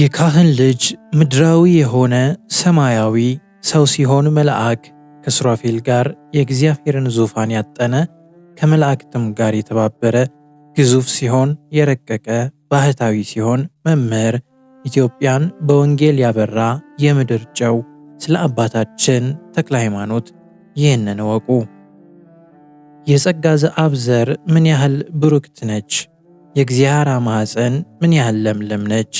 የካህን ልጅ ምድራዊ የሆነ ሰማያዊ ሰው ሲሆን መልአክ ከሱራፌል ጋር የእግዚአብሔርን ዙፋን ያጠነ ከመላእክትም ጋር የተባበረ ግዙፍ ሲሆን የረቀቀ ባህታዊ ሲሆን መምህር ኢትዮጵያን በወንጌል ያበራ የምድር ጨው ስለ አባታችን ተክለ ሃይማኖት ይህንን እወቁ። የጸጋ ዘአብ ዘር ምን ያህል ብሩክት ነች! የእግዚአራ ማኅፀን ምን ያህል ለምለም ነች!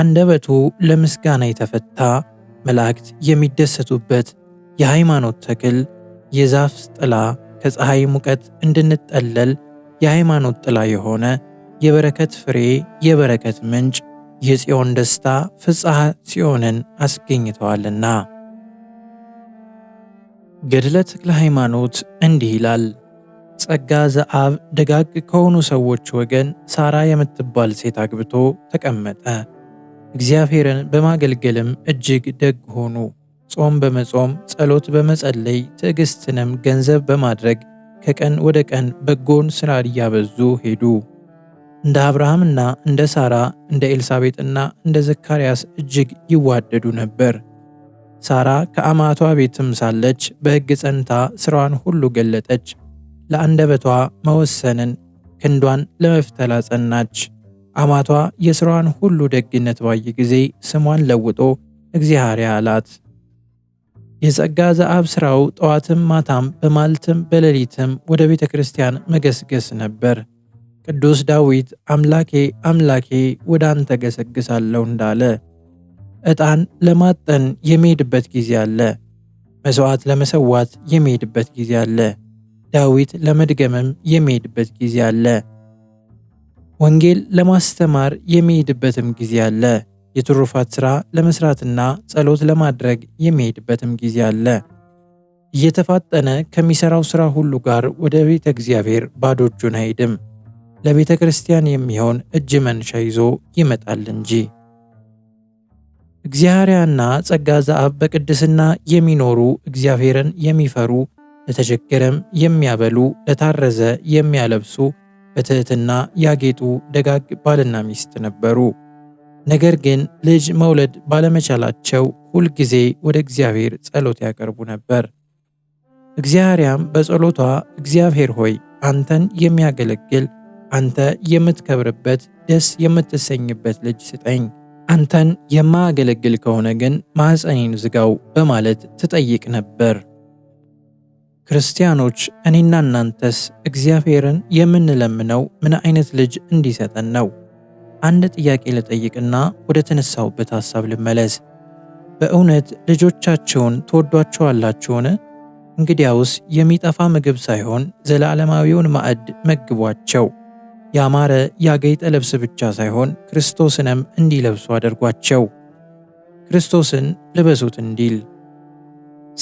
አንደበቱ ለምስጋና የተፈታ መላእክት የሚደሰቱበት የሃይማኖት ተክል የዛፍ ጥላ ከፀሐይ ሙቀት እንድንጠለል የሃይማኖት ጥላ የሆነ የበረከት ፍሬ የበረከት ምንጭ የጽዮን ደስታ ፍጻሐ ጽዮንን አስገኝተዋልና። ገድለ ተክለ ሃይማኖት እንዲህ ይላል። ጸጋ ዘአብ ደጋግ ከሆኑ ሰዎች ወገን ሳራ የምትባል ሴት አግብቶ ተቀመጠ። እግዚአብሔርን በማገልገልም እጅግ ደግ ሆኑ። ጾም በመጾም ጸሎት በመጸለይ ትዕግሥትንም ገንዘብ በማድረግ ከቀን ወደ ቀን በጎን ሥራ እያበዙ ሄዱ። እንደ አብርሃምና እንደ ሳራ እንደ ኤልሳቤጥና እንደ ዘካርያስ እጅግ ይዋደዱ ነበር። ሳራ ከአማቷ ቤትም ሳለች በሕግ ጸንታ ሥራዋን ሁሉ ገለጠች። ለአንደበቷ መወሰንን ክንዷን ለመፍተል አጸናች። አማቷ የሥራዋን ሁሉ ደግነት ባየ ጊዜ ስሟን ለውጦ እግዚአብሔር አላት። የጸጋ ዘአብ ሥራው ጠዋትም ማታም በማልትም በሌሊትም ወደ ቤተ ክርስቲያን መገስገስ ነበር። ቅዱስ ዳዊት አምላኬ አምላኬ ወደ አንተ ገሰግሳለሁ እንዳለ ዕጣን ለማጠን የሚሄድበት ጊዜ አለ። መሥዋዕት ለመሰዋት የሚሄድበት ጊዜ አለ። ዳዊት ለመድገምም የሚሄድበት ጊዜ አለ። ወንጌል ለማስተማር የሚሄድበትም ጊዜ አለ። የትሩፋት ሥራ ለመስራትና ጸሎት ለማድረግ የሚሄድበትም ጊዜ አለ። እየተፋጠነ ከሚሠራው ሥራ ሁሉ ጋር ወደ ቤተ እግዚአብሔር ባዶ እጁን አይሄድም። ለቤተ ክርስቲያን የሚሆን እጅ መንሻ ይዞ ይመጣል እንጂ። እግዚአርያና ጸጋ ዘአብ በቅድስና የሚኖሩ እግዚአብሔርን የሚፈሩ ለተቸገረም የሚያበሉ ለታረዘ የሚያለብሱ በትህትና ያጌጡ ደጋግ ባልና ሚስት ነበሩ። ነገር ግን ልጅ መውለድ ባለመቻላቸው ሁልጊዜ ወደ እግዚአብሔር ጸሎት ያቀርቡ ነበር። እግዚአርያም በጸሎቷ እግዚአብሔር ሆይ አንተን የሚያገለግል አንተ የምትከብርበት ደስ የምትሰኝበት ልጅ ስጠኝ፣ አንተን የማያገለግል ከሆነ ግን ማኅፀኔን ዝጋው በማለት ትጠይቅ ነበር። ክርስቲያኖች እኔና እናንተስ እግዚአብሔርን የምንለምነው ምን አይነት ልጅ እንዲሰጠን ነው? አንድ ጥያቄ ልጠይቅና ወደ ተነሳውበት ሐሳብ ልመለስ። በእውነት ልጆቻቸውን ትወዷቸዋላችሁን? እንግዲያውስ የሚጠፋ ምግብ ሳይሆን ዘላለማዊውን ማዕድ መግቧቸው፣ ያማረ ያጌጠ ልብስ ብቻ ሳይሆን ክርስቶስንም እንዲለብሱ አድርጓቸው። ክርስቶስን ልበሱት እንዲል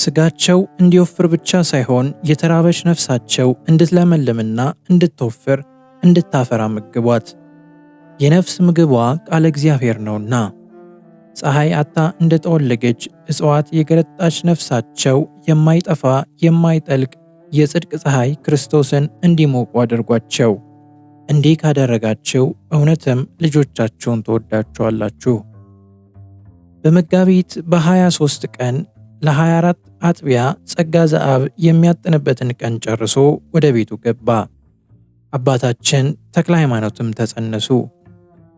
ስጋቸው እንዲወፍር ብቻ ሳይሆን የተራበች ነፍሳቸው እንድትለመልምና እንድትወፍር እንድታፈራ ምግቧት። የነፍስ ምግቧ ቃለ እግዚአብሔር ነውና ፀሐይ አታ እንደጠወለገች እጽዋት የገረጣች ነፍሳቸው የማይጠፋ የማይጠልቅ የጽድቅ ፀሐይ ክርስቶስን እንዲሞቁ አድርጓቸው። እንዲህ ካደረጋችሁ እውነትም ልጆቻችሁን ትወዳችኋላችሁ። በመጋቢት በ23 ቀን ለ24 አጥቢያ ጸጋ ዘአብ የሚያጥንበትን ቀን ጨርሶ ወደ ቤቱ ገባ። አባታችን ተክለ ሃይማኖትም ተጸነሱ።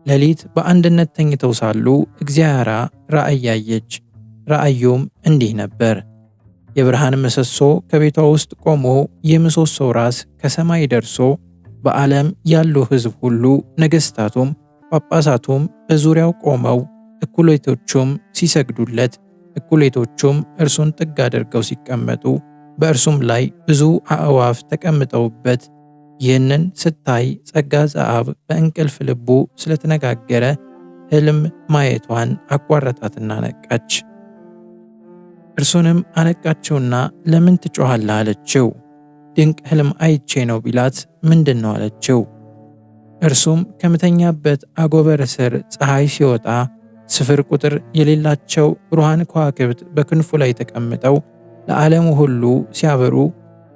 ሌሊት በአንድነት ተኝተው ሳሉ እግዚአራ ራእይ አየች። ራእዩም እንዲህ ነበር። የብርሃን ምሰሶ ከቤቷ ውስጥ ቆሞ የምሰሶው ራስ ከሰማይ ደርሶ በዓለም ያሉ ሕዝብ ሁሉ ነገሥታቱም ጳጳሳቱም በዙሪያው ቆመው እኩሌቶቹም ሲሰግዱለት እኩሌቶቹም እርሱን ጥግ አድርገው ሲቀመጡ በእርሱም ላይ ብዙ አእዋፍ ተቀምጠውበት ይህንን ስታይ ጸጋ ዘአብ በእንቅልፍ ልቡ ስለተነጋገረ ሕልም ማየቷን አቋረጣትና ነቃች። እርሱንም አነቃችውና ለምን ትጮኻለህ አለችው። ድንቅ ሕልም አይቼ ነው ቢላት ምንድን ነው አለችው። እርሱም ከምተኛበት አጎበር ስር ፀሐይ ሲወጣ ስፍር ቁጥር የሌላቸው ብሩሃን ከዋክብት በክንፉ ላይ ተቀምጠው ለዓለሙ ሁሉ ሲያበሩ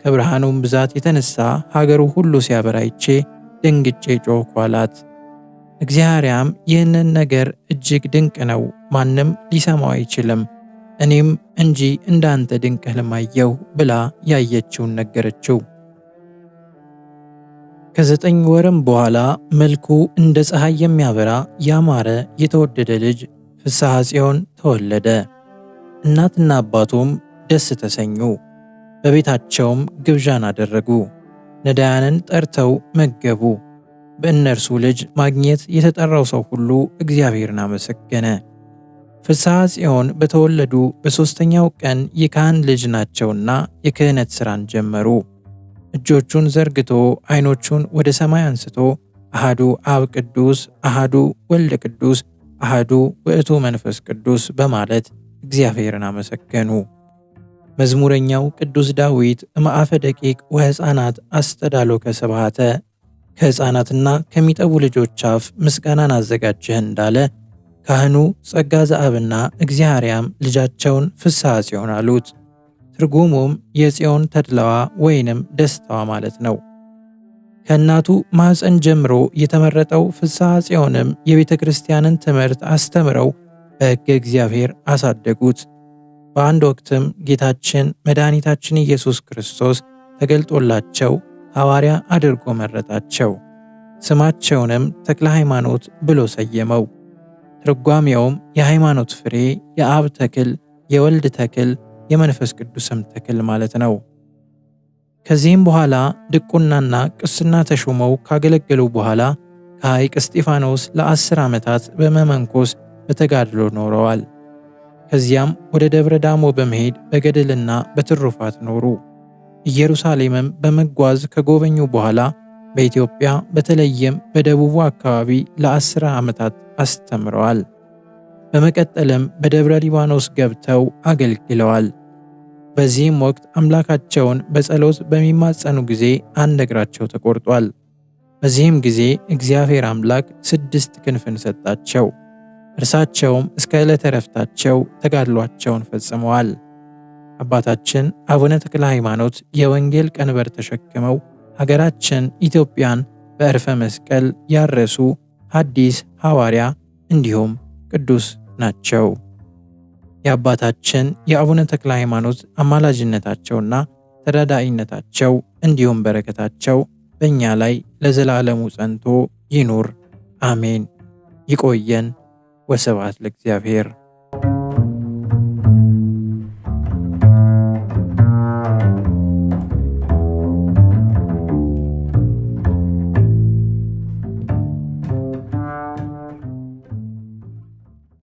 ከብርሃኑም ብዛት የተነሳ ሀገሩ ሁሉ ሲያበራ ይቼ ደንግጬ ጮኽኩ አላት። እግዚአርያም ይህንን ነገር እጅግ ድንቅ ነው፣ ማንም ሊሰማው አይችልም፣ እኔም እንጂ እንዳንተ ድንቅ ሕልም አየሁ ብላ ያየችውን ነገረችው። ከዘጠኝ ወርም በኋላ መልኩ እንደ ፀሐይ የሚያበራ ያማረ የተወደደ ልጅ ፍስሐ ጽዮን ተወለደ። እናትና አባቱም ደስ ተሰኙ። በቤታቸውም ግብዣን አደረጉ። ነዳያንን ጠርተው መገቡ። በእነርሱ ልጅ ማግኘት የተጠራው ሰው ሁሉ እግዚአብሔርን አመሰገነ። ፍስሐ ጽዮን በተወለዱ በሦስተኛው ቀን የካህን ልጅ ናቸውና የክህነት ሥራን ጀመሩ። እጆቹን ዘርግቶ ዓይኖቹን ወደ ሰማይ አንስቶ አሃዱ አብ ቅዱስ፣ አሃዱ ወልድ ቅዱስ፣ አሃዱ ውእቱ መንፈስ ቅዱስ በማለት እግዚአብሔርን አመሰገኑ። መዝሙረኛው ቅዱስ ዳዊት እምአፈ ደቂቅ ወሕፃናት አስተዳሎከ ስብሐተ ከሕፃናትና ከሚጠቡ ልጆች አፍ ምስጋናን አዘጋጀህ እንዳለ ካህኑ ጸጋ ዘአብና እግዚአርያም ልጃቸውን ፍስሐ ጽዮን አሉት። ትርጉሙም የጽዮን ተድላዋ ወይንም ደስታዋ ማለት ነው። ከእናቱ ማኅፀን ጀምሮ የተመረጠው ፍስሐ ጽዮንም የቤተ ክርስቲያንን ትምህርት አስተምረው በሕገ እግዚአብሔር አሳደጉት። በአንድ ወቅትም ጌታችን መድኃኒታችን ኢየሱስ ክርስቶስ ተገልጦላቸው ሐዋርያ አድርጎ መረጣቸው። ስማቸውንም ተክለ ሃይማኖት ብሎ ሰየመው። ትርጓሜውም የሃይማኖት ፍሬ፣ የአብ ተክል፣ የወልድ ተክል የመንፈስ ቅዱስም ተክል ማለት ነው። ከዚህም በኋላ ድቁናና ቅስና ተሾመው ካገለገሉ በኋላ ከሐይቅ እስጢፋኖስ ለአስር ዓመታት በመመንኮስ በተጋድሎ ኖረዋል። ከዚያም ወደ ደብረ ዳሞ በመሄድ በገድልና በትሩፋት ኖሩ። ኢየሩሳሌምም በመጓዝ ከጎበኙ በኋላ በኢትዮጵያ በተለይም በደቡቡ አካባቢ ለአስር ዓመታት አስተምረዋል። በመቀጠልም በደብረ ሊባኖስ ገብተው አገልግለዋል። በዚህም ወቅት አምላካቸውን በጸሎት በሚማጸኑ ጊዜ አንድ እግራቸው ተቆርጧል። በዚህም ጊዜ እግዚአብሔር አምላክ ስድስት ክንፍን ሰጣቸው። እርሳቸውም እስከ ዕለተ ረፍታቸው ተጋድሏቸውን ፈጽመዋል። አባታችን አቡነ ተክለ ሃይማኖት የወንጌል ቀንበር ተሸክመው ሀገራችን ኢትዮጵያን በእርፈ መስቀል ያረሱ ሐዲስ ሐዋርያ እንዲሁም ቅዱስ ናቸው። የአባታችን የአቡነ ተክለ ሃይማኖት አማላጅነታቸውና ተዳዳኢነታቸው እንዲሁም በረከታቸው በእኛ ላይ ለዘላለሙ ጸንቶ ይኑር፣ አሜን። ይቆየን። ወስብሐት ለእግዚአብሔር።